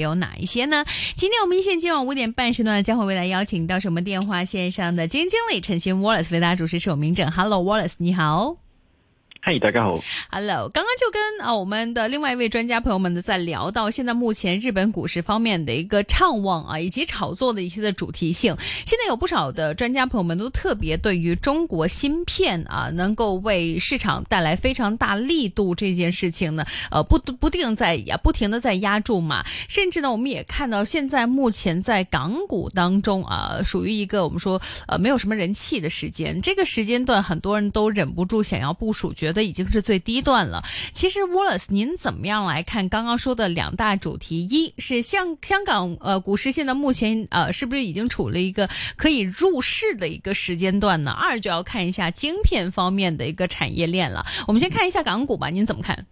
有哪一些呢？今天我們一線今晚五點半時段將會為大家邀請到是我們電話線上的基金經理陳昕 Wallace 為大家主持，首名者。Hello Wallace，你好。嗨，大家好，Hello。剛剛就跟啊我們的另外一位專家朋友們呢在聊到，現在目前日本股市方面的一個暢旺啊，以及炒作的一些的主題性。現在有不少的專家朋友們都特別對於中國芯片啊能夠為市場帶來非常大力度這件事情呢，呃不不定在也不停的在壓住嘛，甚至呢我們也看到現在目前在港股當中啊屬於一個我們說呃沒有什麼人氣的時間，這個時間段很多人都忍不住想要部署，覺。這已經是最低段了。其實，Wallace，您怎麼樣來看剛剛說的兩大主題？一是像香港呃股市，現在目前呃是不是已經處了一個可以入市的一個時間段呢？二就要看一下晶片方面的一個產業鏈了。我們先看一下港股吧，您怎麼看？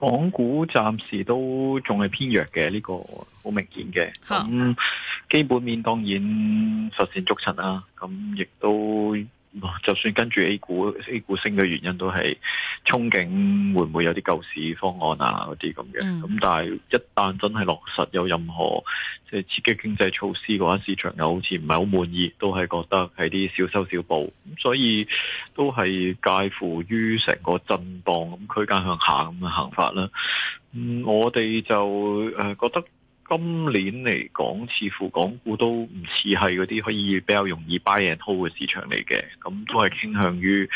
港股暫時都仲係偏弱嘅，呢、這個好明顯嘅。咁、嗯、基本面當然實現築塵啦，咁亦、嗯、都。就算跟住 A 股 A 股升嘅原因都係憧憬，會唔會有啲救市方案啊？嗰啲咁嘅，咁但係一旦真係落實有任何即係刺激經濟措施嘅話，市場又好似唔係好滿意，都係覺得係啲小修小補，咁所以都係介乎於成個震蕩咁區間向下咁嘅行法啦。嗯，我哋就誒覺得。今年嚟講，似乎港股都唔似係嗰啲可以比較容易 buy and hold 嘅市場嚟嘅，咁都係傾向於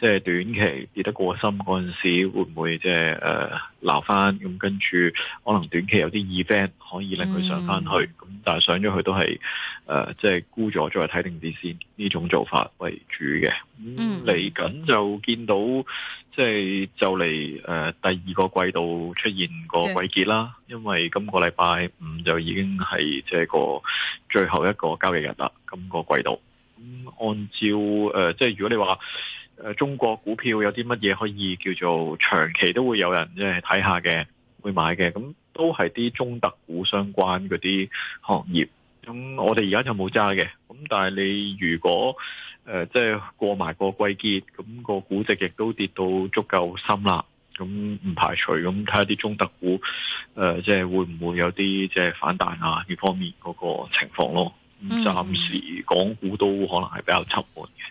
即係、就是、短期跌得過深嗰陣時，會唔會即係誒撈返？咁、呃、跟住可能短期有啲 event 可以令佢上翻去，咁、嗯、但係上咗去都係誒即係沽咗，再睇定啲先呢種做法為主嘅。咁嚟緊就見到。即係就嚟、是、誒第二個季度出現個季結啦，因為今個禮拜五就已經係即係個最後一個交易日啦。今個季度咁按照誒，即、呃、係、就是、如果你話中國股票有啲乜嘢可以叫做長期都會有人即係睇下嘅，會買嘅，咁都係啲中特估相關嗰啲行業。咁我哋而家就冇揸嘅。咁但係你如果，誒、呃，即係過埋個季節，咁、那個估值亦都跌到足夠深啦，咁唔排除咁睇下啲中特股，誒、呃，即係會唔會有啲即係反彈啊？呢方面嗰個情況咯，咁暫時港股都可能係比較沉悶嘅。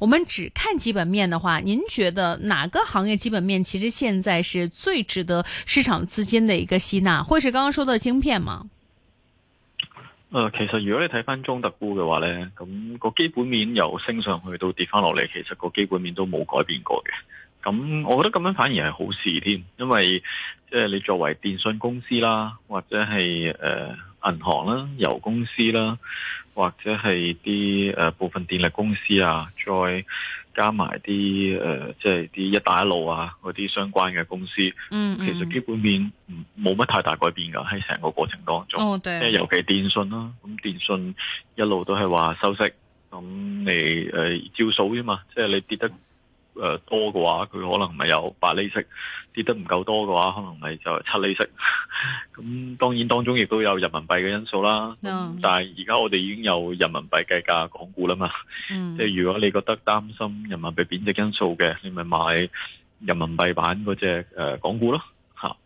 我們只看基本面的話，您覺得哪個行業基本面其實現在是最值得市場資金的一個吸納，會是剛剛說到的芯片嗎？誒、呃，其實如果你睇翻中特估嘅話呢咁，那個基本面由升上去到跌翻落嚟，其實個基本面都冇改變過嘅。咁我覺得咁樣反而係好事添，因為即係你作為電信公司啦，或者係誒、呃、銀行啦，油公司啦。或者係啲誒部分電力公司啊，再加埋啲誒，即係啲一帶一路啊嗰啲相關嘅公司，嗯嗯，其實基本面冇乜太大改變噶，喺成個過程當中，即係、哦、尤其電信啦、啊。咁電信一路都係話收息，咁你誒、呃、照數啫嘛，即、就、係、是、你跌得。誒、呃，多嘅話，佢可能咪有八厘息，跌得唔夠多嘅話，可能咪就係七厘息。咁、 嗯、當然當中亦都有人民幣嘅因素啦。No. 嗯、但係而家我哋已經有人民幣計價港股啦嘛。即、就、係、是、如果你覺得擔心人民幣貶值因素嘅，你咪買人民幣版嗰隻誒港股咯。呃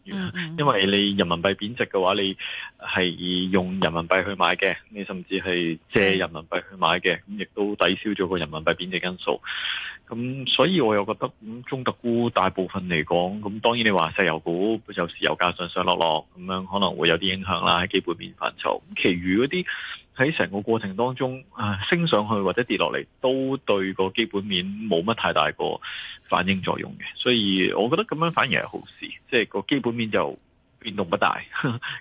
嗯嗯，因為你人民幣貶值嘅話，你係用人民幣去買嘅，你甚至係借人民幣去買嘅，咁亦都抵消咗個人民幣貶值因素。咁所以我又覺得，咁中特估大部分嚟講，咁當然你話石油股有時油價上上落落，咁樣可能會有啲影響啦，喺基本面範疇。咁，其餘嗰啲。喺成個過程當中，啊升上去或者跌落嚟，都對個基本面冇乜太大個反應作用嘅，所以我覺得咁樣反而係好事，即係個基本面就變動不大。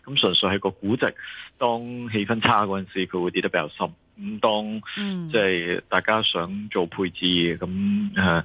咁純粹係個估值，當氣氛差嗰陣時，佢會跌得比較深。咁當即係大家想做配置，咁誒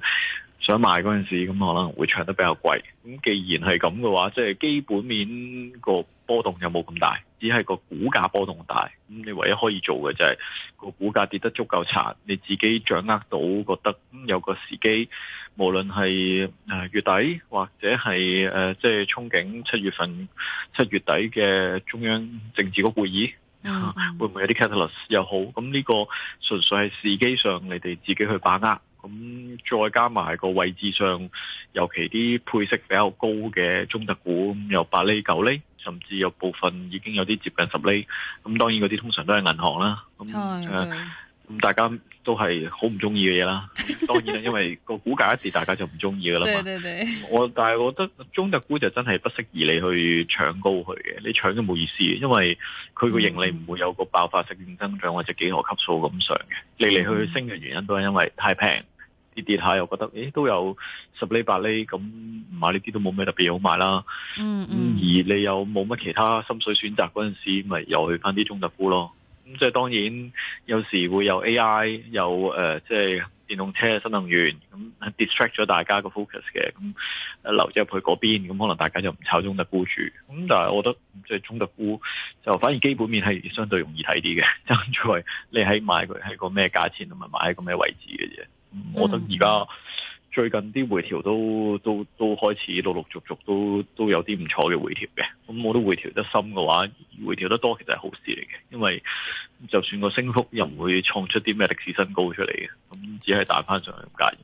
想買嗰陣時，咁可能會搶得比較貴。咁既然係咁嘅話，即係基本面個波動有冇咁大？只係個股價波動大，咁你唯一可以做嘅就係個股價跌得足夠殘，你自己掌握到覺得有個時機，無論係誒月底或者係誒即係憧憬七月份七月底嘅中央政治局會議，mm -hmm. 會唔會有啲 catalyst 又好？咁呢個純粹係時機上，你哋自己去把握。咁再加埋個位置上，尤其啲配息比較高嘅中特估，有八厘九厘，甚至有部分已經有啲接近十厘。咁當然嗰啲通常都係銀行啦。咁、嗯、咁、嗯嗯、大家都係好唔中意嘅嘢啦。 當然啦，因為個股價一跌，大家就唔中意噶啦嘛。我但係我覺得中特估就真係不適宜你去搶高佢嘅，你搶都冇意思，因為佢個盈利唔會有個爆發性增長或者幾何級數咁上嘅。嚟嚟去去升嘅原因都係因為太平。跌跌下又覺得，誒都有十厘八厘，咁買呢啲都冇咩特別好買啦。咁、嗯嗯、而你又冇乜其他心水選擇嗰陣時，咪又去翻啲中特估咯。咁即係當然有時會有 AI，有誒即係電動車、新能源咁 distract 咗大家個 focus 嘅。咁留咗入去嗰邊，咁可能大家就唔炒中特估住。咁但係我覺得即係中特估就反而基本面係相對容易睇啲嘅，就 係你喺買佢係個咩價錢，同埋買一個咩位置嘅啫。嗯、我覺得而家最近啲回調都都都開始陸陸續續都都有啲唔錯嘅回調嘅，咁我都回調得深嘅話，回調得多其實係好事嚟嘅，因為就算個升幅又唔會創出啲咩歷史新高出嚟嘅，咁只係打翻上唔介意。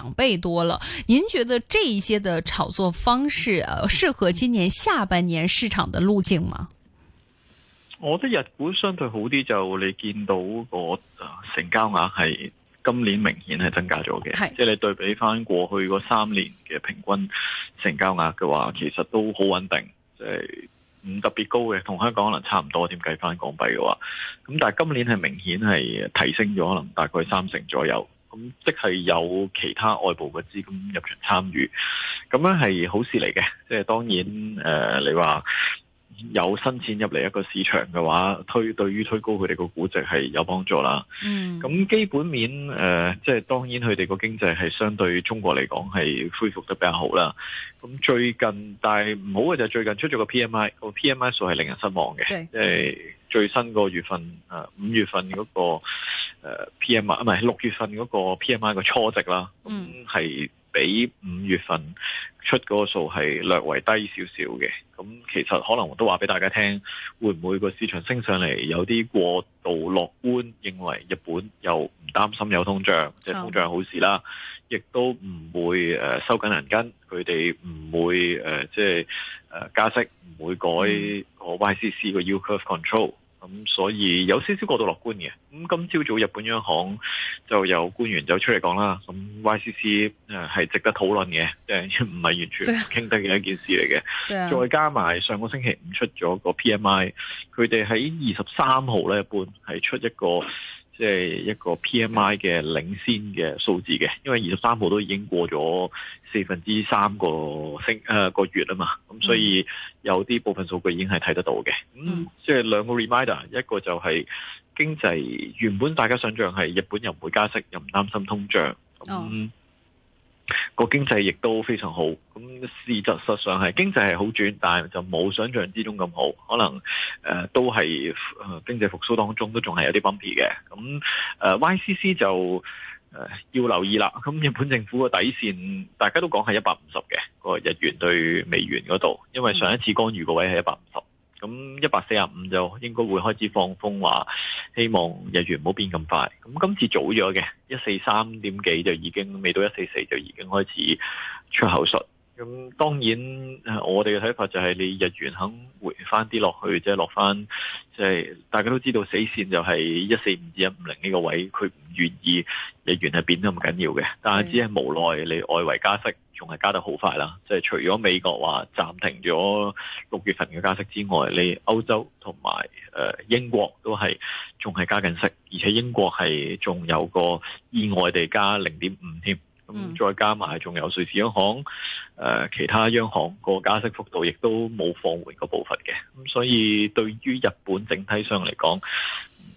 兩倍多了，您覺得這一些的炒作方式適合今年下半年市場的路徑嗎？我覺得日股相對好啲，就你見到個成交額係今年明顯係增加咗嘅，即係、就是、你對比翻過去嗰三年嘅平均成交額嘅話，其實都好穩定，即係唔特別高嘅，同香港可能差唔多，點計翻港幣嘅話，咁但係今年係明顯係提升咗，可能大概三成左右。咁即係有其他外部嘅資金入場參與，咁樣係好事嚟嘅。即係當然，誒、呃，你話，有新錢入嚟一個市場嘅話，推對於推高佢哋個估值係有幫助啦。嗯，咁基本面誒，即、呃、係、就是、當然佢哋個經濟係相對中國嚟講係恢復得比較好啦。咁最近，但係唔好嘅就係、是、最近出咗個 P M I 個 P M I 數係令人失望嘅，即、嗯、係、就是、最新個月份誒五、呃、月份嗰、那個誒 P M I 啊唔係六月份嗰個 P M I 個初值啦，咁係。嗯比五月份出嗰個數係略為低少少嘅，咁其實可能我都話俾大家聽，會唔會個市場升上嚟有啲過度樂觀，認為日本又唔擔心有通脹，即係通脹好事啦，亦、oh. 都唔會誒收緊銀根，佢哋唔會誒即係誒加息，唔會改個 YCC 個 U curve control。咁、嗯、所以有少少過度樂觀嘅，咁、嗯、今朝早，早日本央行就有官員走出嚟講啦，咁、嗯、YCC 係、呃、係值得討論嘅，即係唔係完全傾得嘅一件事嚟嘅， 再加埋上，上個星期五出咗個 PMI，佢哋喺二十三號呢一般係出一個。即係一個 PMI 嘅領先嘅數字嘅，因為二十三號都已經過咗四分之三個星、呃、個月啦嘛，咁所以有啲部分數據已經係睇得到嘅。咁即係兩個 reminder，一個就係經濟原本大家想象係日本又唔會加息，又唔擔心通脹。嗯哦個經濟亦都非常好，咁事實實上係經濟係好轉，但係就冇想象之中咁好，可能誒、呃、都係、呃、經濟復甦當中都仲係有啲 bumpy 嘅。咁誒、呃、YCC 就誒、呃、要留意啦。咁日本政府個底線大家都講係一百五十嘅個日元對美元嗰度，因為上一次干預個位係一百五十。嗯。咁一百四十五就應該會開始放風話，希望日元唔好變咁快。咁今次早咗嘅一四三點幾就已經，未到一四四就已經開始出口術。咁當然我哋嘅睇法就係你日元肯回翻啲落去，即係落翻，即係大家都知道死線就係一四五至一五零呢個位，佢唔願意日元係變得咁緊要嘅，但係只係無奈你外圍加息。仲係加得好快啦！即係除咗美國話暫停咗六月份嘅加息之外，你歐洲同埋、呃、英國都係仲係加緊息，而且英國係仲有個意外地加零點五添。咁再加埋仲有瑞士央行、呃、其他央行個加息幅度亦都冇放緩個部分嘅。咁所以對於日本整體上嚟講，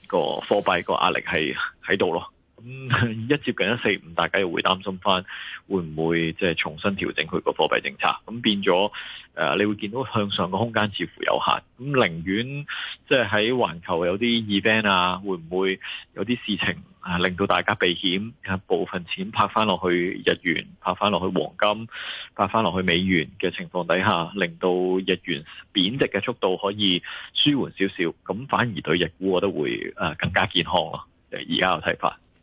個貨幣個壓力係喺度咯。咁、嗯、一接近一四五，大家又會擔心翻，會唔會即係重新調整佢個貨幣政策？咁變咗誒、呃，你會見到向上嘅空間似乎有限。咁寧願即係喺環球有啲 event 啊，會唔會有啲事情啊，令到大家避險，部分錢拍翻落去日元，拍翻落去黃金，拍翻落去美元嘅情況底下，令到日元貶值嘅速度可以舒緩少少，咁反而對日股我覺得會誒、啊、更加健康咯。而家有睇法。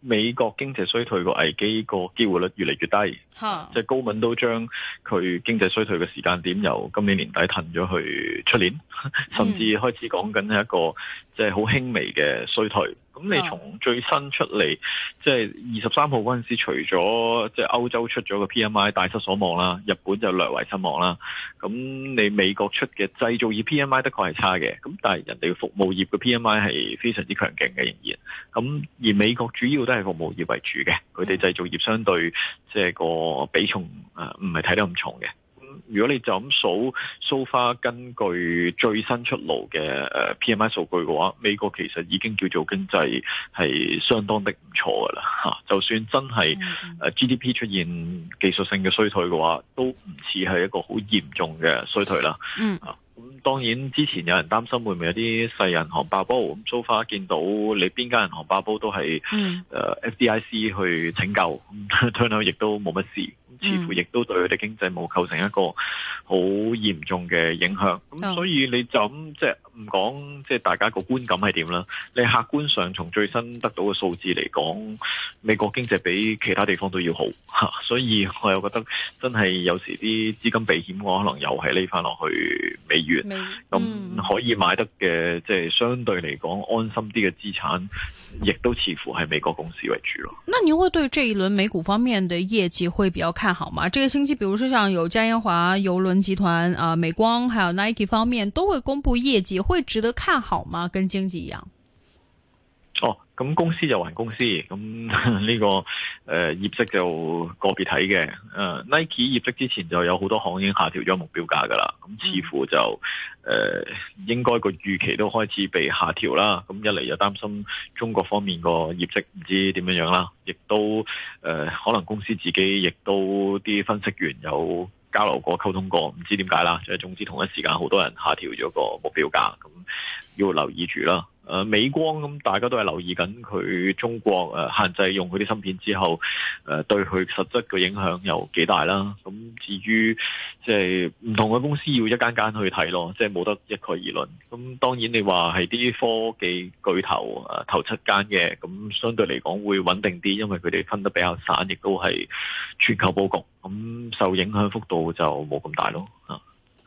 美國經濟衰退個危機個機會率越嚟越低，即、huh. 係高敏都將佢經濟衰退嘅時間點由今年年底褪咗去出年，甚至開始講緊係一個即係好輕微嘅衰退。咁你從最新出嚟，即係二十三號嗰陣時，除咗即係歐洲出咗個 PMI 大失所望啦，日本就略為失望啦。咁你美國出嘅製造業 PMI 的確係差嘅，咁但係人哋嘅服務業嘅 PMI 係非常之強勁嘅，仍然。咁而美國主要都係服務業為主嘅，佢哋製造業相對即係個比重誒，唔係睇得咁重嘅。如果你就咁數 so far 根據最新出爐嘅 P M I 數據嘅話，美國其實已經叫做經濟係相當的唔錯㗎啦吓。就算真係 G D P 出現技術性嘅衰退嘅話，都唔似係一個好嚴重嘅衰退啦。嗯。咁、啊、當然之前有人擔心會唔會有啲細銀行爆煲，咁 so far 見到你邊間銀行爆煲都係 F D I C 去拯救，turn out 亦都冇乜事。似乎亦都對佢哋經濟冇構成一個好嚴重嘅影響，咁、mm -hmm. 所以你就即係唔講，即係大家個觀感係點啦？你客觀上從最新得到嘅數字嚟講，美國經濟比其他地方都要好，所以我又覺得真係有時啲資金避險，我可能又係匿返落去美元，咁、mm -hmm. 可以買得嘅即係相對嚟講安心啲嘅資產。亦都似乎係美國公司為主咯。那你會對這一輪美股方面的業績會比較看好嗎？這個星期，比如說像有嘉年華郵輪集團啊、美光，還有 Nike 方面都會公布業績，會值得看好嗎？跟經濟一樣。咁公司就還公司，咁呢、這個誒、呃、業績就個別睇嘅。誒、呃、Nike 業績之前就有好多行已經下調咗目標價噶啦，咁似乎就誒、呃、應該個預期都開始被下調啦。咁一嚟又擔心中國方面個業績唔知點樣樣啦，亦都誒、呃、可能公司自己亦都啲分析員有交流過溝通過，唔知點解啦。即、就、係、是、總之同一時間好多人下調咗個目標價，咁要留意住啦。美光咁，大家都係留意緊佢中國誒限制用佢啲芯片之後，誒對佢實質嘅影響有幾大啦。咁至於即係唔同嘅公司要一間間去睇咯，即係冇得一概而論。咁當然你話係啲科技巨頭啊頭七間嘅，咁相對嚟講會穩定啲，因為佢哋分得比較散，亦都係全球佈局，咁受影響幅度就冇咁大咯。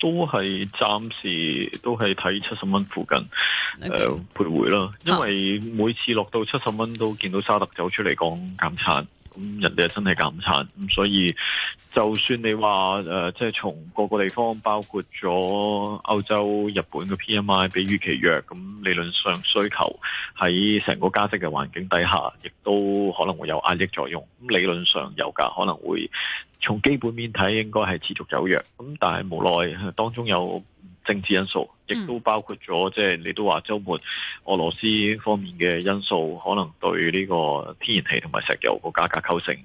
都係暫時都係睇七十蚊附近，誒、okay. 呃、徘徊啦。因為每次落到七十蚊，都見到沙特走出嚟講減產。咁人哋真係減產，咁所以就算你話誒，即係從各個地方，包括咗歐洲、日本嘅 PMI 比預期弱，咁理論上需求喺成個加息嘅環境底下，亦都可能會有壓抑作用。咁理論上油價可能會從基本面睇，應該係持續走弱。咁但係無奈當中有。政治因素，亦都包括咗即係你都話周末俄羅斯方面嘅因素，可能對呢個天然氣同埋石油個價格構成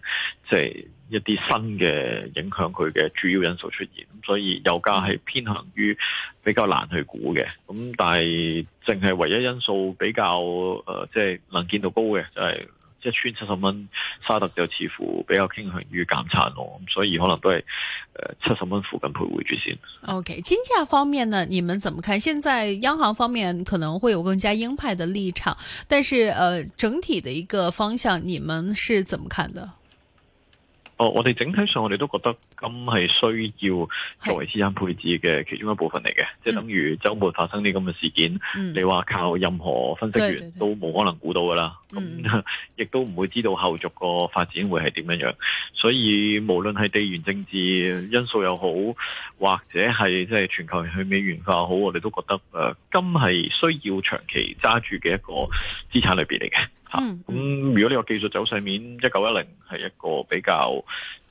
即係一啲新嘅影響，佢嘅主要因素出現，所以油價係偏向於比較難去估嘅。咁但係淨係唯一因素比較誒，即係能見到高嘅就係。一穿七十蚊，沙特就似乎比較傾向於減產咯，所以可能都係誒七十蚊附近徘徊住先。O、okay, K，金價方面呢，你們怎麼看？現在央行方面可能會有更加鷹派的立場，但是誒、呃，整體的一個方向，你們是怎麼看的？哦，我哋整體上我哋都覺得金係需要作為資產配置嘅其中一部分嚟嘅，即係等於周末發生啲咁嘅事件，嗯、你話靠任何分析員都冇可能估到噶啦，咁亦、嗯嗯、都唔會知道後續個發展會係點樣樣。所以無論係地緣政治因素又好，或者係即係全球去美元化好，我哋都覺得誒金係需要長期揸住嘅一個資產類別嚟嘅。吓、嗯，咁、嗯、如果呢個技術走上面一九一零係一個比較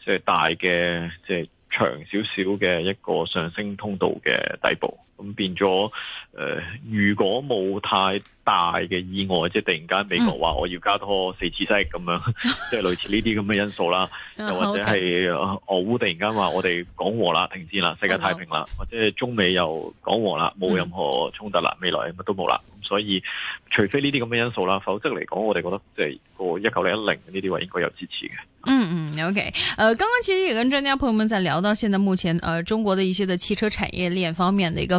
即係大嘅即係長少少嘅一個上升通道嘅底部。咁變咗，誒、呃，如果冇太大嘅意外，即係突然間美國話我要加多四次息咁、嗯、樣，即係類似呢啲咁嘅因素啦， 又或者係、呃、俄烏突然間話我哋講和啦，停戰啦，世界太平啦，或者係中美又講和啦，冇任何衝突啦、嗯，未來乜都冇啦，所以除非呢啲咁嘅因素啦，否則嚟講我哋覺得即係個一九零一零呢啲話應該有支持嘅。嗯嗯，OK，誒，剛、呃、剛其實也跟專家朋友們在聊到，現在目前誒、呃、中國的一些的汽車產業鏈方面的一個。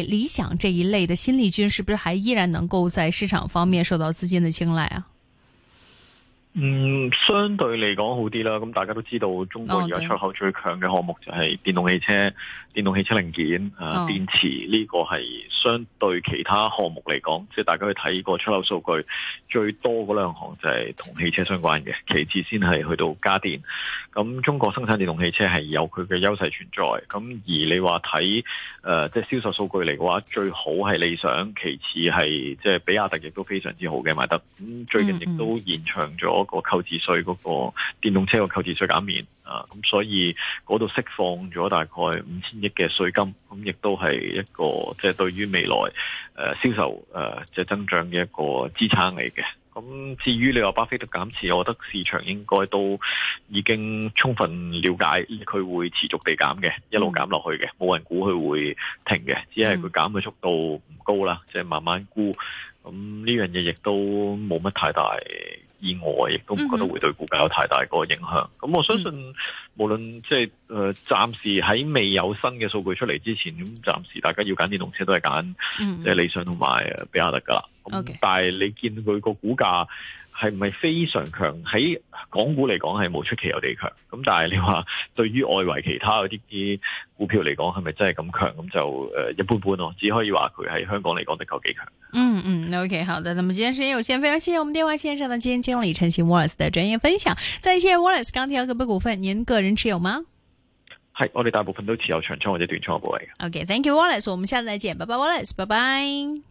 理想這一類的新力軍，是不是還依然能夠在市場方面受到資金的青睞啊？嗯，相對嚟講好啲啦。咁大家都知道，中國而家出口最強嘅項目就係電動汽車。電動汽車零件啊，電池呢個係相對其他項目嚟講，即係大家去睇個出口數據最多嗰兩行就係同汽車相關嘅，其次先係去到家電。咁中國生產電動汽車係有佢嘅優勢存在。咁而你話睇誒，即係銷售數據嚟嘅話，最好係理想，其次係即係比亞迪亦都非常之好嘅，買得。咁最近亦都延長咗個購置稅嗰個電動車嘅購置稅減免。啊，咁所以嗰度釋放咗大概五千億嘅稅金，咁亦都係一個即係、就是、對於未來誒銷、呃、售誒、呃、即係增長嘅一個支撐嚟嘅。咁至於你話巴菲特減持，我覺得市場應該都已經充分了解佢會持續地減嘅，一路減落去嘅，冇人估佢會停嘅，只係佢減嘅速度唔高啦、嗯，即係慢慢沽。咁呢樣嘢亦都冇乜太大。意外亦都唔覺得會對股價有太大嗰個影響，咁、嗯嗯、我相信嗯嗯無論即係誒，暫時喺未有新嘅數據出嚟之前，咁暫時大家要揀電動車都係揀即係理想同埋比亞迪噶啦。咁、okay. 但係你見佢個股價。係唔係非常強？喺港股嚟講係冇出奇，有地強。咁但係你話對於外圍其他嗰啲股票嚟講，係咪真係咁強？咁就誒一般般咯，哦，只可以話佢喺香港嚟講的確幾強。嗯嗯，OK，好的。咁麼今天時間有限，非常謝謝我們電話線上的基金經理陳昕 Wallace 的專業分享。再謝、謝 Wallace，鋼鐵和部股份，您個人持有嗎？係，我哋大部分都持有長倉或者短倉嘅部位。OK，Thank、okay, you，Wallace。我們下次再見，拜拜，Wallace，拜拜。